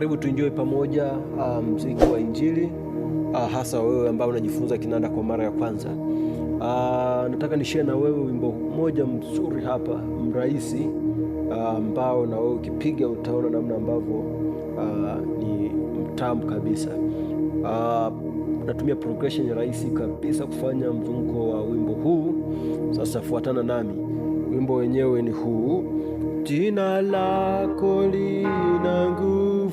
Karibu tuinjoe pamoja uh, ah, mziki wa Injili uh, hasa wewe ambao unajifunza kinanda kwa mara ya kwanza. Uh, nataka nishare na wewe wimbo mmoja mzuri hapa mrahisi ambao uh, na wewe ukipiga utaona namna ambavyo uh, ni mtamu kabisa. Uh, natumia progression rahisi kabisa kufanya mzunguko wa wimbo huu. Sasa fuatana nami, wimbo wenyewe ni huu: jina lako lina nguvu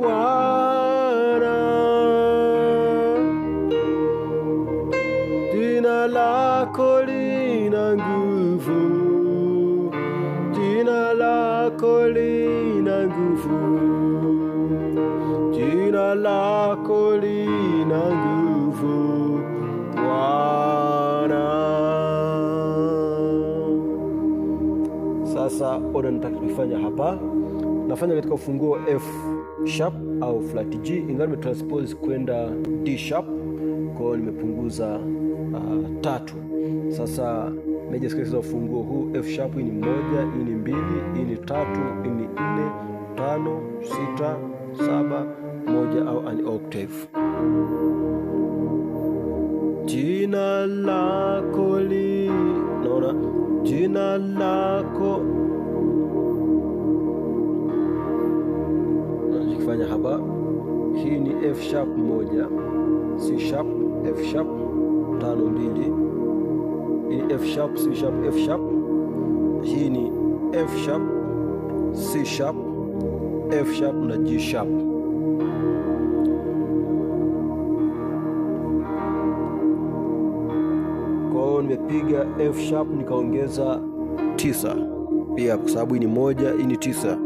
Bwana, jina lako lina nguvu, jina lako lina nguvu, jina lako lina nguvu Bwana. Sasa unanitaka kufanya hapa, nafanya katika ufunguo F sharp au flat G, ingawa nimetranspose kwenda D sharp, kwa hiyo nimepunguza uh, tatu. Sasa major scales za ufunguo huu F sharp ni moja, hii ni mbili, hii ni tatu, hii ni nne, tano, sita, saba, moja au an octave. Jina lako li naona jina lako saba. Hii ni F sharp moja, C sharp, F sharp tano mbili. Hii ni F sharp, C sharp, F sharp. Hii ni F sharp, C sharp, F sharp na G sharp. Kwa hiyo nimepiga F sharp nikaongeza tisa pia kwa sababu hii ni moja, hii ni tisa.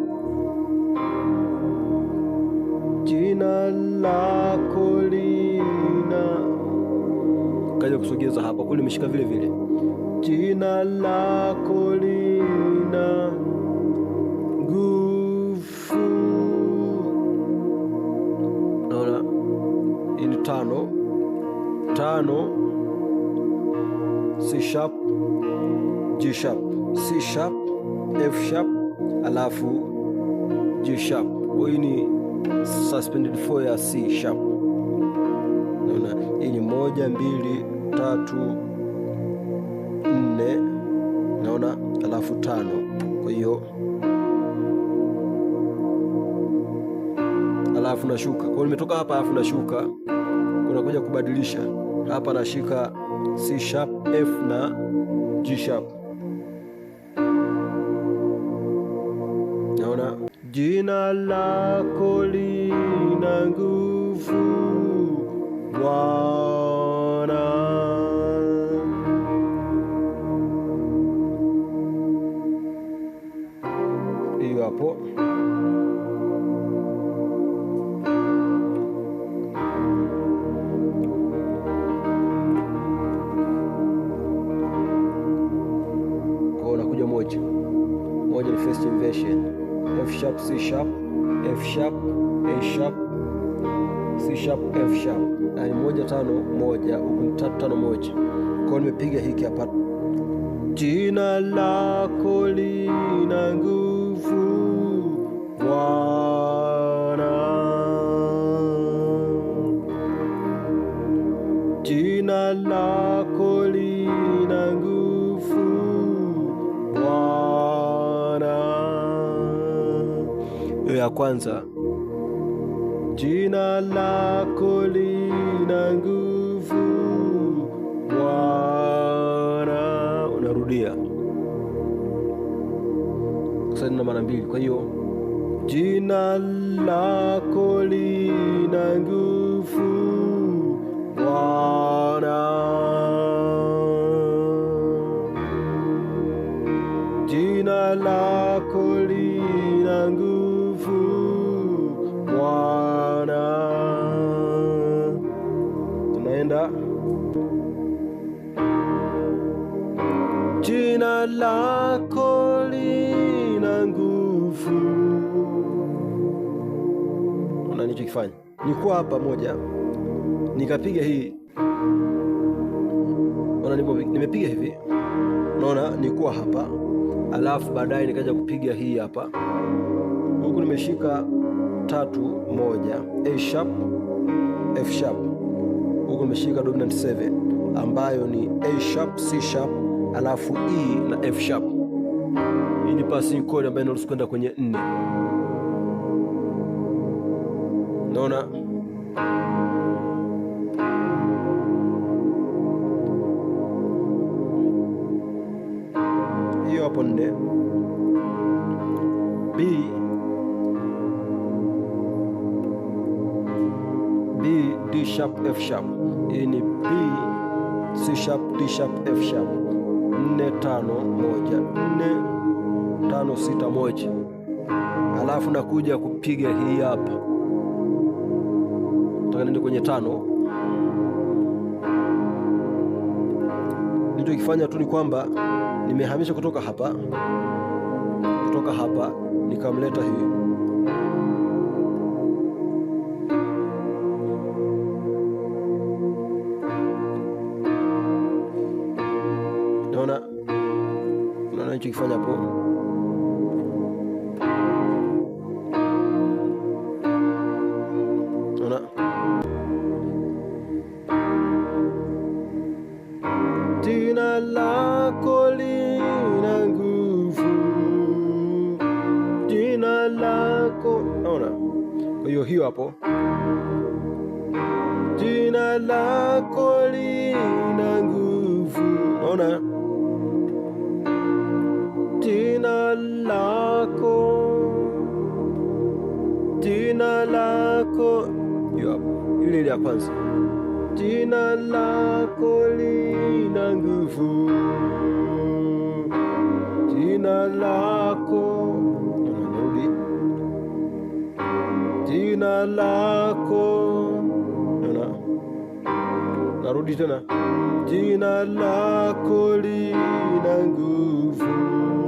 lako lina, kaja kusogeza hapa kule, umeshika vile vile, jina lako lina nguvu. Naona ini tano tano, C sharp, G sharp, C sharp, F sharp alafu G sharp. Hii ni suspended 4 ya C sharp. Naona hii ni moja, mbili, tatu, nne, naona alafu tano. Kwa hiyo alafu nashuka, kwa nimetoka hapa, alafu nashuka, unakuja kubadilisha hapa, nashika C sharp, F na G sharp Jina lako lina nguvu Bwana, hiyo hapo. Kwa unakuja moja moja ni first inversion F sharp, C sharp, F sharp, A sharp, C sharp, F sharp. Na ni moja tano moja huku tatu tano moja. Kwa nimepiga hiki hapa. Jina lako lina nguvu. Wow. ya kwanza, jina lako lina nguvu Bwana. Unarudia kusana mara mbili. Kwa hiyo jina lako lina nguvu Bwana, jina lako lina nguvu Bwana. Tunaenda jina lako lina nguvu. Ona nichokifanya nikuwa hapa moja, nikapiga hii. Ona nimepiga hivi, naona nikuwa hapa, alafu baadaye nikaja kupiga hii hapa, huku nimeshika tatu moja A sharp F sharp, huko umeshika dominant 7 ambayo ni A sharp C sharp alafu E na F sharp. Hii ni passing chord ambayo inaruhusu kwenda kwenye 4. Naona hiyo hapo nne B D sharp F sharp, hii ni B C sharp D sharp F sharp, nne tano moja nne tano sita moja, alafu nakuja kupiga hii hapa, nataka niende kwenye tano. Nilichokifanya tu ni kwamba nimehamisha kutoka hapa, kutoka hapa nikamleta hii anachokifanya poa. Jina lako lina nguvu, jina lako. Naona, kwa hiyo hiyo hapo, jina lako lina nguvu, naona jina lako ile ile ya kwanza, jina lako lina nguvu, jina lako nanarudi, jina lako nana, narudi tena, jina lako lina nguvu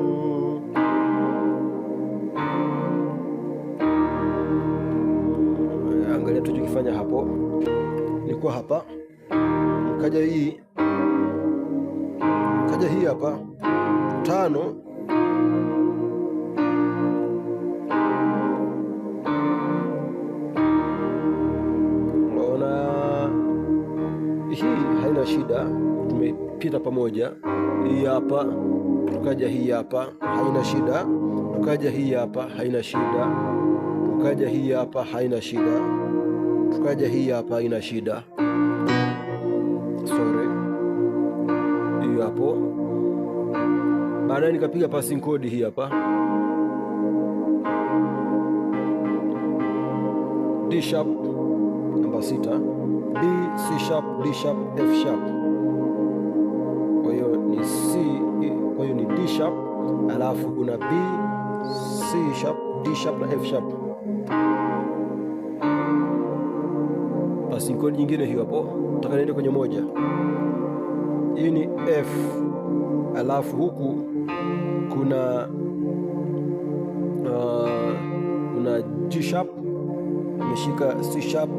nilifanya hapo, nilikuwa hapa, nikaja hii, nikaja hii hapa tano hii haina shida, tumepita pamoja. Hii hapa tukaja, hii hapa haina shida, tukaja hii hapa haina shida, tukaja hii hapa haina shida tukaja hii hapa, ina shida sore hiyo hapo. Baadaye nikapiga passing code hii hapa D sharp namba sita, B C sharp D sharp F sharp. Kwa hiyo ni C, kwa hiyo ni D sharp, alafu kuna B C sharp D sharp na F sharp basi kodi nyingine hiyo hapo, nataka niende kwenye moja. Hii ni F, alafu huku kuna uh, kuna G sharp, ameshika C sharp,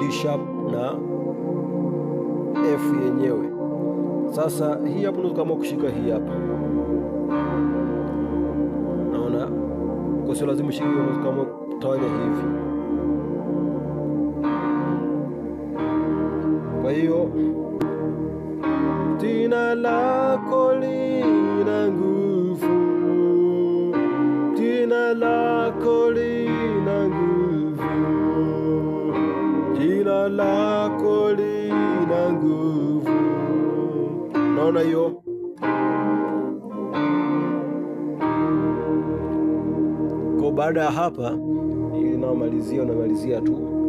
D sharp na F yenyewe. Sasa hii hapo ndio kama kushika hii hapa, naona kwa sio lazima ushike kama tawanya hivi hiyo jina lako lina nguvu, jina lako lina nguvu, jina lako lina nguvu. Naona hiyo kwa baada ya hapa, ili naomalizia, unamalizia tu